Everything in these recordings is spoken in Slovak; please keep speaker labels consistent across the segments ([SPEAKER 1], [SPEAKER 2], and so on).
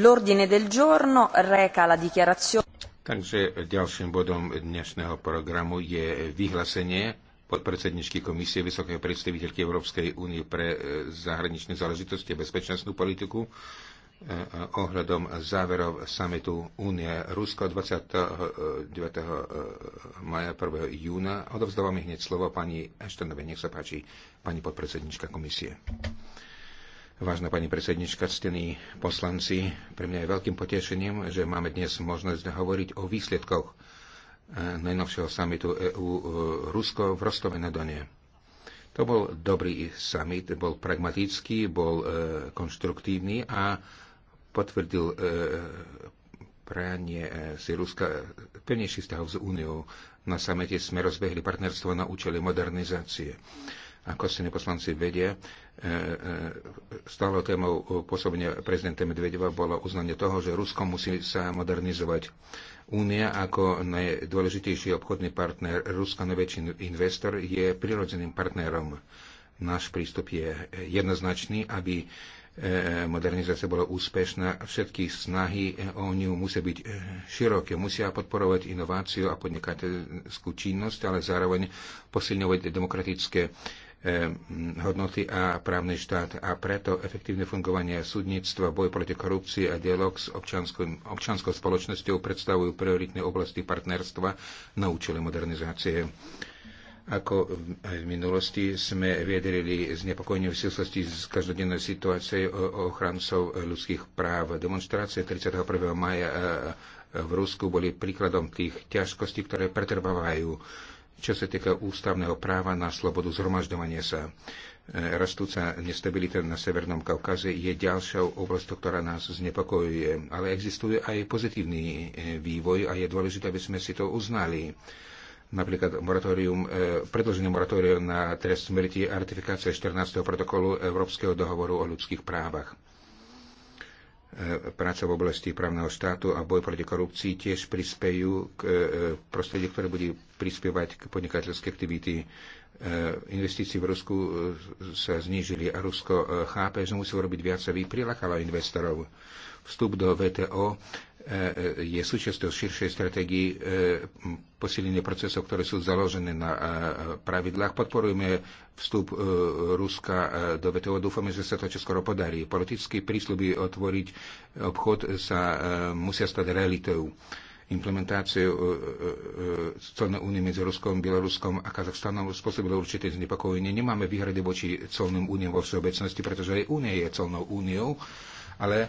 [SPEAKER 1] L'ordine del giorno reca la dichiarazione.
[SPEAKER 2] Takže ďalším bodom dnešného programu je vyhlásenie podpredsedničky Komisie Vysokej predstaviteľky Európskej únie pre e, zahraničné záležitosti a bezpečnostnú politiku e, e, ohľadom záverov samitu Únie Rusko 29. maja 1. júna. Odovzdávam hneď slovo pani Eštenovej. Nech sa páči, pani podpredsednička komisie. Vážna pani predsednička, ctení poslanci, pre mňa je veľkým potešením, že máme dnes možnosť hovoriť o výsledkoch e, najnovšieho samitu EU-Rusko v Rostove na Donie. To bol dobrý summit, bol pragmatický, bol e, konštruktívny a potvrdil e, pranie si Ruska pevnejších vzťahov s Úniou. Na samete sme rozbehli partnerstvo na účely modernizácie. Ako si neposlanci vedia, e, e, stále témou e, pôsobenia prezidenta Medvedeva bolo uznanie toho, že Rusko musí sa modernizovať. Únia ako najdôležitejší obchodný partner, Rusko najväčší investor, je prirodzeným partnerom. Náš prístup je jednoznačný, aby modernizácia bola úspešná. Všetky snahy o ňu musia byť široké, musia podporovať inováciu a podnikateľskú činnosť, ale zároveň posilňovať demokratické Eh, hodnoty a právny štát a preto efektívne fungovanie súdnictva, boj proti korupcii a dialog s občanskou spoločnosťou predstavujú prioritné oblasti partnerstva na účely modernizácie. Ako aj v minulosti sme viedrili nepokojne v súvislosti s situácie o ochrancov ľudských práv. Demonstrácie 31. maja eh, v Rusku boli príkladom tých ťažkostí, ktoré pretrvávajú čo sa týka ústavného práva na slobodu zhromažďovania sa. E, rastúca nestabilita na Severnom Kaukaze je ďalšou oblasťou, ktorá nás znepokojuje. Ale existuje aj pozitívny e, vývoj a je dôležité, aby sme si to uznali napríklad moratórium, e, predložené moratórium na trest smrti a ratifikácia 14. protokolu Európskeho dohovoru o ľudských právach. E, práca v oblasti právneho štátu a boj proti korupcii tiež prispejú k e, prostredí, ktoré bude prispievať k podnikateľské aktivity. E, investície v Rusku sa znížili a Rusko chápe, že musí robiť viac, aby prilákalo investorov. Vstup do VTO E, je súčasťou širšej stratégii e, posilnenia procesov, ktoré sú založené na e, pravidlách. Podporujeme vstup Ruska do VTO. Dúfame, že sa to čoskoro podarí. Politické prísľuby otvoriť obchod sa musia stať realitou implementáciu colnej únie medzi Ruskom, Bieloruskom a Kazachstanom spôsobilo určité znepokojenie. Nemáme výhrady voči colným úniem vo všeobecnosti, pretože aj únia je colnou úniou ale e,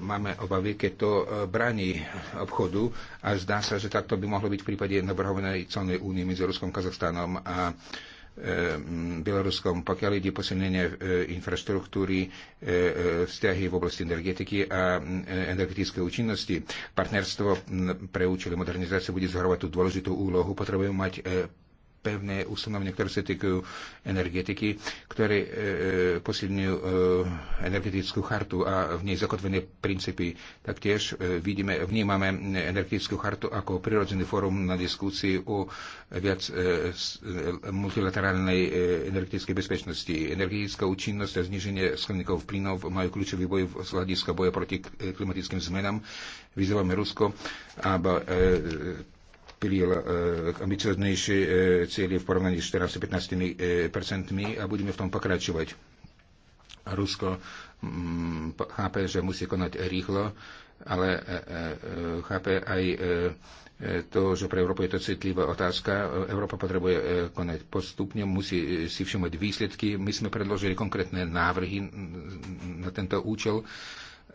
[SPEAKER 2] máme obavy, keď to e, bráni obchodu a zdá sa, že takto by mohlo byť v prípade navrhovanej celnej únie medzi Ruskom, Kazachstanom a e, Bieloruskom, pokiaľ ide posilnenie infraštruktúry, vzťahy v oblasti energetiky a energetickej účinnosti. Partnerstvo pre účely modernizácie bude zhrávať tú dôležitú úlohu. Potrebujeme mať pevné ustanovenia, ktoré sa týkajú energetiky, ktoré e, e, posilňujú e, energetickú chartu a v nej zakotvené princípy. Taktiež e, vidíme, vnímame energetickú chartu ako prirodzený fórum na diskusii o viac e, e multilaterálnej e, energetickej bezpečnosti. Energetická účinnosť a zniženie skleníkov plynov majú kľúčový boj z hľadiska boja proti klimatickým zmenám. Vyzývame Rusko, aby e, k e, ambicioznejšie e, cieľe v porovnaní s 14-15 e, percentmi a budeme v tom pokračovať. Rusko mm, chápe, že musí konať rýchlo, ale chápe aj to, že pre Európu je to citlivá otázka. Európa potrebuje konať postupne, musí si všimnúť výsledky. My sme predložili konkrétne návrhy mm, na tento účel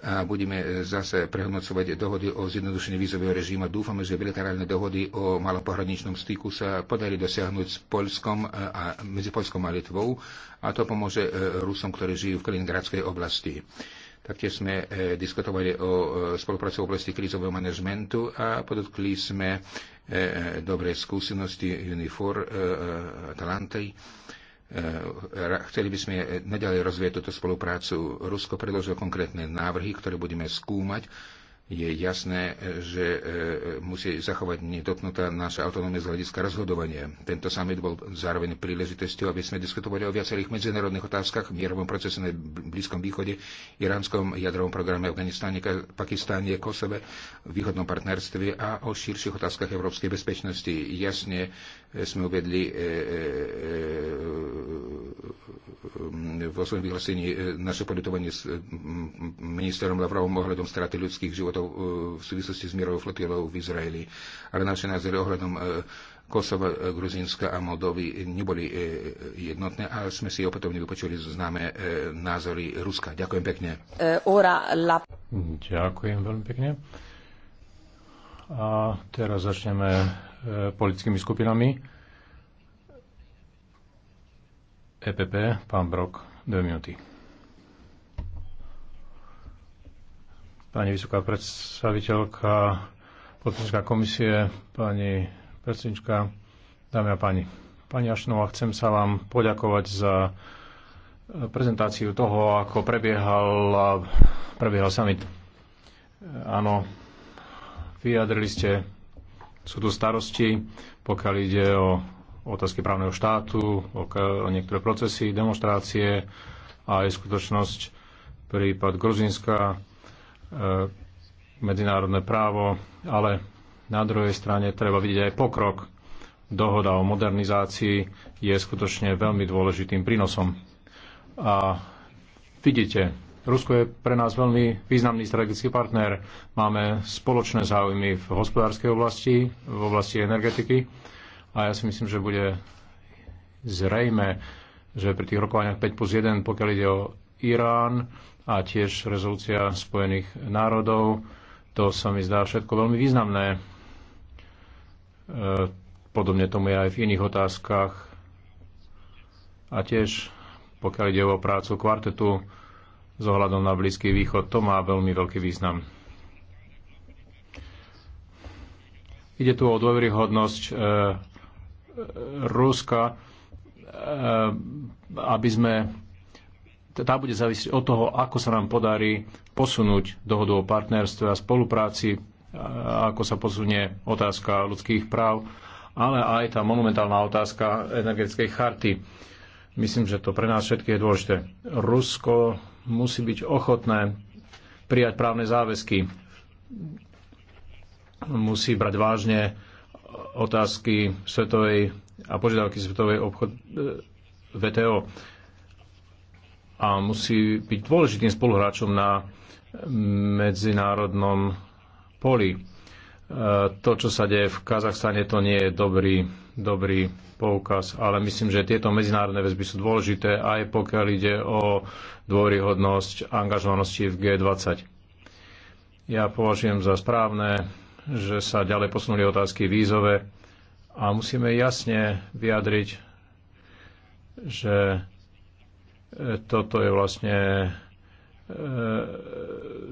[SPEAKER 2] a budeme e, zase prehodnocovať dohody o zjednodušení vízového režima. Dúfame, že bilaterálne dohody o malom pohraničnom styku sa podarí dosiahnuť s Polskom e, a medzi Polskom a Litvou a to pomôže e, Rusom, ktorí žijú v Kaliningradskej oblasti. Taktiež sme diskutovali o spolupráci v oblasti krízového manažmentu a podotkli sme dobré skúsenosti Unifor Atalantej. E, chceli by sme naďalej rozvieť túto spoluprácu. Rusko predložilo konkrétne návrhy, ktoré budeme skúmať je jasné, že e, musí zachovať nedotknutá naša autonómia z hľadiska rozhodovania. Tento summit bol zároveň príležitosťou, aby sme diskutovali o viacerých medzinárodných otázkach, mierovom procese na Blízkom východe, iránskom jadrovom programe Afganistáne, Pakistáne, Kosove, východnom partnerstve a o širších otázkach európskej bezpečnosti. Jasne e, sme uvedli e, vo svojom vyhlásení naše politovanie s ministerom Lavrovom ohľadom straty ľudských životov konfliktov e, v súvislosti s mierovou flotilou v Izraeli. Ale naše názory ohľadom e, Kosova, e, Gruzínska a Moldovy neboli jednotné a sme si opätovne vypočuli známe názory Ruska. Ďakujem pekne. Ďakujem veľmi pekne. A teraz
[SPEAKER 3] začneme politickými skupinami. EPP, pán Brok, dve minúty. pani vysoká predstaviteľka, podpredsednička komisie, pani predsednička, dámy a páni. Pani Ašnova, chcem sa vám poďakovať za prezentáciu toho, ako prebiehal, prebiehal summit. Áno, vyjadrili ste, sú tu starosti, pokiaľ ide o otázky právneho štátu, o niektoré procesy, demonstrácie a aj skutočnosť prípad Gruzinska, E, medzinárodné právo, ale na druhej strane treba vidieť aj pokrok. Dohoda o modernizácii je skutočne veľmi dôležitým prínosom. A vidíte, Rusko je pre nás veľmi významný strategický partner. Máme spoločné záujmy v hospodárskej oblasti, v oblasti energetiky a ja si myslím, že bude zrejme, že pri tých rokovaniach 5 plus 1, pokiaľ ide o Irán a tiež rezolúcia Spojených národov. To sa mi zdá všetko veľmi významné. E, podobne tomu je aj v iných otázkach. A tiež, pokiaľ ide o prácu kvartetu z ohľadom na Blízky východ, to má veľmi veľký význam. Ide tu o dôveryhodnosť e, e Ruska, e, aby sme tá bude závisieť od toho, ako sa nám podarí posunúť dohodu o partnerstve a spolupráci, ako sa posunie otázka ľudských práv, ale aj tá monumentálna otázka energetickej charty. Myslím, že to pre nás všetky je dôležité. Rusko musí byť ochotné prijať právne záväzky. Musí brať vážne otázky svetovej a požiadavky svetovej obchod e, VTO a musí byť dôležitým spoluhráčom na medzinárodnom poli. E, to, čo sa deje v Kazachstane, to nie je dobrý, dobrý poukaz, ale myslím, že tieto medzinárodné väzby sú dôležité aj pokiaľ ide o dôryhodnosť angažovanosti v G20. Ja považujem za správne, že sa ďalej posunuli otázky vízové a musíme jasne vyjadriť, že toto je vlastne e,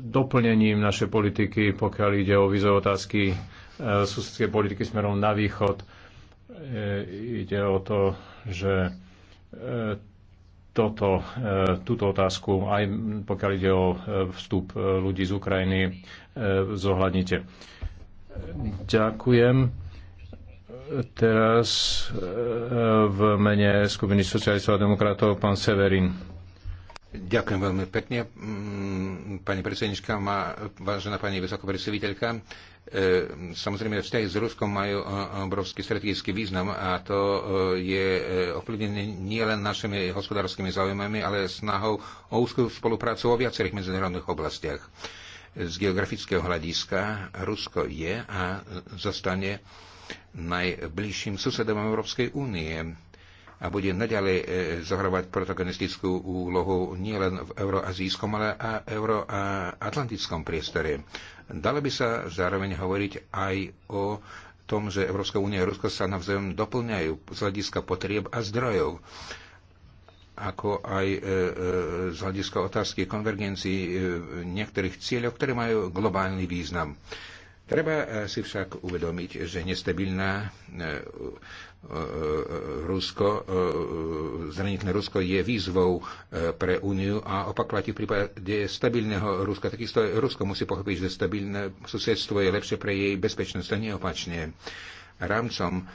[SPEAKER 3] doplnením našej politiky, pokiaľ ide o vízové otázky e, susedskej politiky smerom na východ. E, ide o to, že toto, túto otázku, aj pokiaľ ide o vstup ľudí z Ukrajiny, zohľadnite. Ďakujem. Teraz e, v mene skupiny socialistov a demokratov pán Severin.
[SPEAKER 2] Ďakujem veľmi pekne, mm, pani predsednička, má, vážená pani vysokopredstaviteľka. E, samozrejme, vzťahy s Ruskom majú e, obrovský strategický význam a to je ovplyvnené nielen našimi hospodárskymi záujmami, ale snahou o úzkú spoluprácu vo viacerých medzinárodných oblastiach. Z geografického hľadiska Rusko je a zostane najbližším susedom Európskej únie a bude naďalej e, zohrávať protagonistickú úlohu nielen v euroazijskom, ale aj euroatlantickom priestore. Dalo by sa zároveň hovoriť aj o tom, že Európska únia a Rusko sa navzájom doplňajú z hľadiska potrieb a zdrojov ako aj e, e, z hľadiska otázky konvergencii niektorých cieľov, ktoré majú globálny význam. Treba e, si však uvedomiť, že nestabilná e, e, Rusko, zranitné Rusko je výzvou pre Úniu a opak platí v prípade stabilného Ruska. Takisto Rusko musí pochopiť, že stabilné susedstvo je lepšie pre jej bezpečnosť a neopačne. Rámcom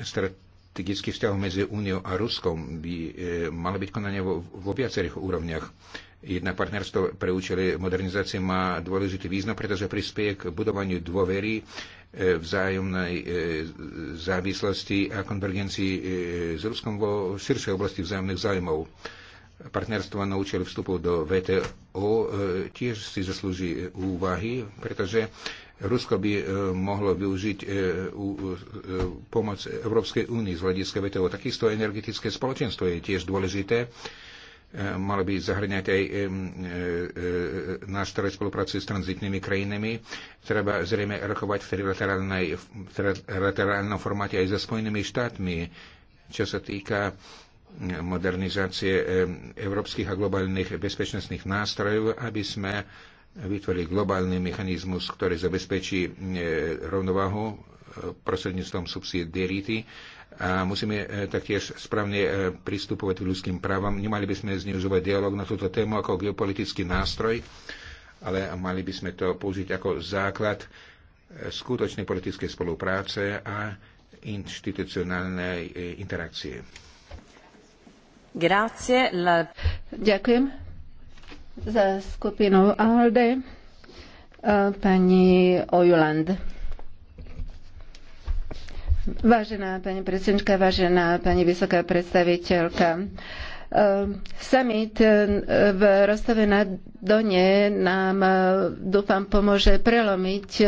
[SPEAKER 2] strat- strategických vzťahov medzi Úniou a Ruskom by e, malo byť konanie vo, vo viacerých úrovniach. Jednak partnerstvo pre účely modernizácie má dôležitý význam, pretože prispieje k budovaniu dôvery e, vzájomnej e, závislosti a konvergencii s Ruskom vo širšej oblasti vzájomných zájmov. Partnerstvo na účely vstupu do VTO tiež si zaslúži úvahy, pretože Rusko by e, mohlo využiť e, e, u, pomoc Európskej únie z hľadiska VTO. Takisto energetické spoločenstvo je tiež dôležité. E, Malo by zahrňať aj e, e, náš e, nástroje spolupráce s tranzitnými krajinami. Treba zrejme rokovať v trilaterálnom formáte aj so Spojenými štátmi, čo sa týka modernizácie e, európskych a globálnych bezpečnostných nástrojov, aby sme vytvorili globálny mechanizmus, ktorý zabezpečí e, rovnováhu e, prostredníctvom subsidiarity a musíme e, taktiež správne pristupovať k ľudským právam. Nemali by sme zneužívať dialog na túto tému ako geopolitický nástroj, ale mali by sme to použiť ako základ skutočnej politickej spolupráce a inštitucionálnej interakcie.
[SPEAKER 1] Grazie, la... Ďakujem za skupinu ALDE pani Ojuland. Vážená pani predsednička, vážená pani vysoká predstaviteľka, e, summit e, v Rostove nad Done nám e, dúfam pomôže prelomiť e,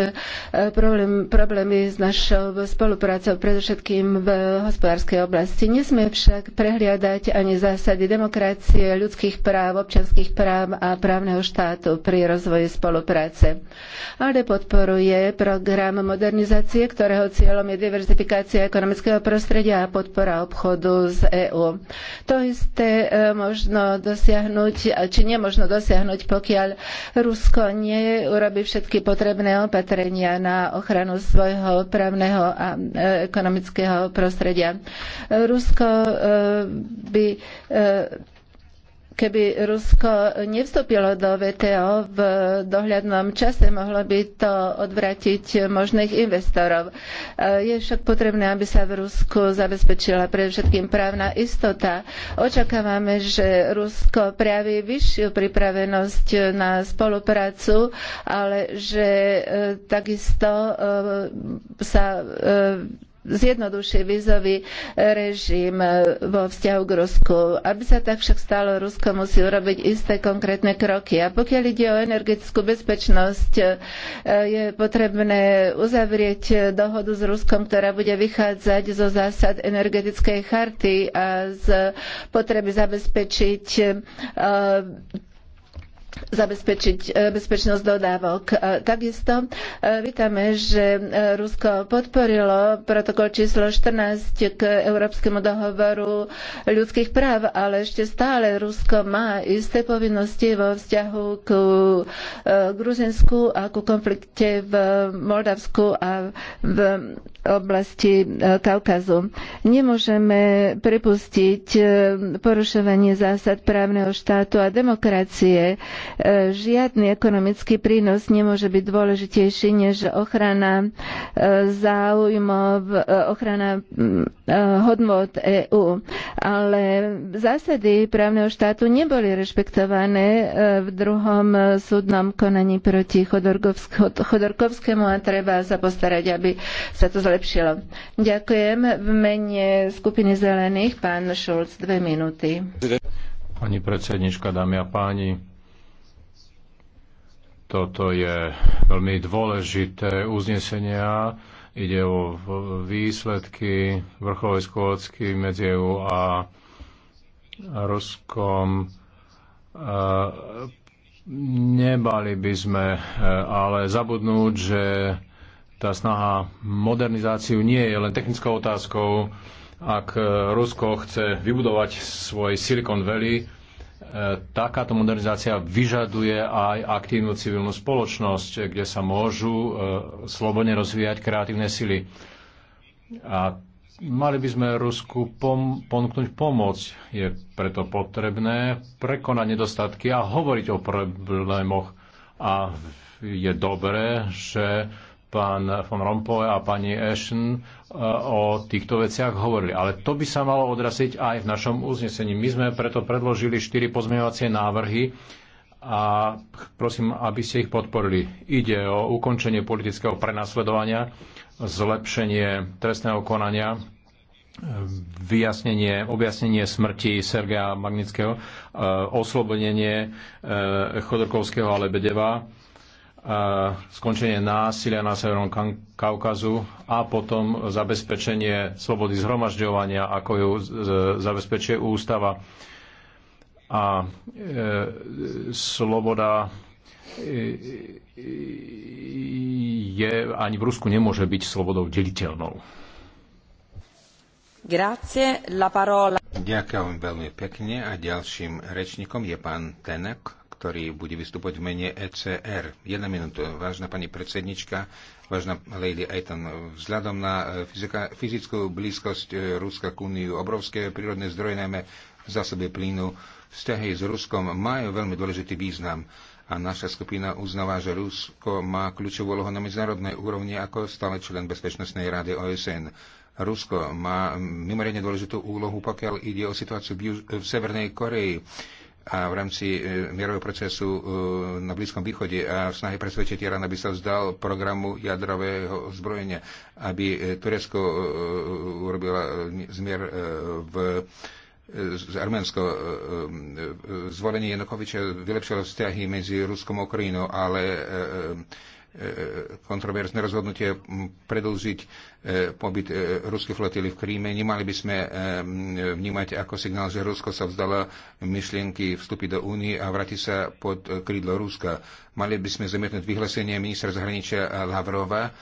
[SPEAKER 1] problém, problémy s našou spoluprácou, predovšetkým v hospodárskej oblasti. Nesme však prehliadať ani zásady demokracie, ľudských práv, občanských práv a právneho štátu pri rozvoji spolupráce. ale podporuje program modernizácie, ktorého cieľom je diverzifikácia ekonomického prostredia a podpora obchodu z EÚ. To isté e, možno dosiahnuť, či nemožno dosiahnuť urobiť, pokiaľ Rusko neurobi všetky potrebné opatrenia na ochranu svojho právneho a e, ekonomického prostredia. Rusko e, by e, Keby Rusko nevstúpilo do VTO v dohľadnom čase, mohlo by to odvratiť možných investorov. E, je však potrebné, aby sa v Rusku zabezpečila predovšetkým právna istota. Očakávame, že Rusko prejaví vyššiu pripravenosť na spoluprácu, ale že e, takisto e, sa zjednoduší vízový e, režim e, vo vzťahu k Rusku. Aby sa tak však stalo, Rusko musí urobiť isté konkrétne kroky. A pokiaľ ide o energetickú bezpečnosť, e, je potrebné uzavrieť dohodu s Ruskom, ktorá bude vychádzať zo zásad energetickej charty a z potreby zabezpečiť zabezpečiť e, bezpečnosť dodávok. E, takisto e, vítame, že Rusko podporilo protokol číslo 14 k Európskemu dohovoru ľudských práv, ale ešte stále Rusko má isté povinnosti vo vzťahu k Gruzinsku a ku konflikte v Moldavsku a v oblasti Kaukazu. Nemôžeme pripustiť porušovanie zásad právneho štátu a demokracie E, žiadny ekonomický prínos nemôže byť dôležitejší než ochrana e, záujmov, e, ochrana hodnot EÚ. Ale zásady právneho štátu neboli rešpektované v druhom súdnom konaní proti Chodorkovskému a treba sa postarať, aby sa to zlepšilo. Ďakujem. V mene skupiny zelených pán Šulc, dve minúty.
[SPEAKER 3] Pani predsednička, dámy a páni, toto je veľmi dôležité uznesenia. Ide o výsledky vrchovej skôdsky medzi EU a Ruskom. Nebali by sme e, ale zabudnúť, že tá snaha modernizáciu nie je len technickou otázkou. Ak e, Rusko chce vybudovať svoj Silicon Valley, takáto modernizácia vyžaduje aj aktívnu civilnú spoločnosť, kde sa môžu e, slobodne rozvíjať kreatívne sily. A mali by sme Rusku pom- ponúknuť pomoc. Je preto potrebné prekonať nedostatky a hovoriť o problémoch. A je dobré, že pán von Rompuy a pani Ashton e, o týchto veciach hovorili. Ale to by sa malo odraziť aj v našom uznesení. My sme preto predložili štyri pozmeňovacie návrhy a prosím, aby ste ich podporili. Ide o ukončenie politického prenasledovania, zlepšenie trestného konania, vyjasnenie, objasnenie smrti Sergeja Magnického, e, oslobodenie e, Chodorkovského a Lebedeva, skončenie násilia na Severnom Kaukazu a potom zabezpečenie slobody zhromažďovania, ako ju zabezpečuje ústava. A e, sloboda e, e, je ani v Rusku nemôže byť slobodou
[SPEAKER 2] deliteľnou.
[SPEAKER 1] Grazie, la parola.
[SPEAKER 2] Ďakujem veľmi pekne a ďalším rečníkom je pán Tenek ktorý bude vystupovať v mene ECR. Jedna minúta, vážna pani predsednička, vážna Lady Aiton, vzhľadom na e, fyzika, fyzickú blízkosť e, Ruska k Úniu, obrovské prírodné zdroje, najmä zásoby plynu, vzťahy s Ruskom majú veľmi dôležitý význam a naša skupina uznáva, že Rusko má kľúčovú úlohu na medzinárodnej úrovni ako stále člen Bezpečnostnej rady OSN. Rusko má mimoriadne dôležitú úlohu, pokiaľ ide o situáciu v, Juž- v Severnej Koreji a v rámci e, mierového procesu e, na Blízkom východe a v snahe presvedčiť Irán, aby sa vzdal programu jadrového zbrojenia, aby e, Turecko urobila zmier v z Arménsko zvolenie Janukoviča vylepšilo vzťahy medzi Ruskom a Ukrajinou, ale E, kontroverzné rozhodnutie predlžiť e, pobyt e, ruskej flotily v Kríme. Nemali by sme vnímať ako signál, že Rusko sa vzdala myšlienky vstúpiť do únie a vrátiť sa pod krídlo Ruska. Mali by sme zamietnúť vyhlásenie ministra zahraničia Lavrova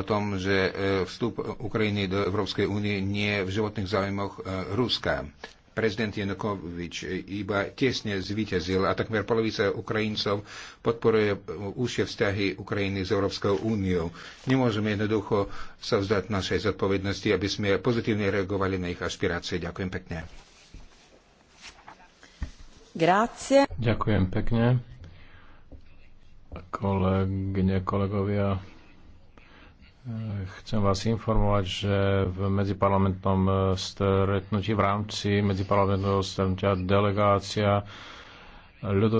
[SPEAKER 2] o tom, že vstup Ukrajiny do Európskej únie nie je v životných záujmoch Ruska prezident Janukovič iba tesne zvíťazil a takmer polovica Ukrajincov podporuje úzšie vzťahy Ukrajiny s Európskou úniou. Nemôžeme jednoducho sa vzdať našej zodpovednosti, aby sme pozitívne reagovali na ich aspirácie. Ďakujem pekne.
[SPEAKER 1] Grácie. Ďakujem
[SPEAKER 3] pekne. Kolegyne, kolegovia, Chcem vás informovať, že v medziparlamentnom e, stretnutí v rámci medziparlamentného stretnutia delegácia ľudov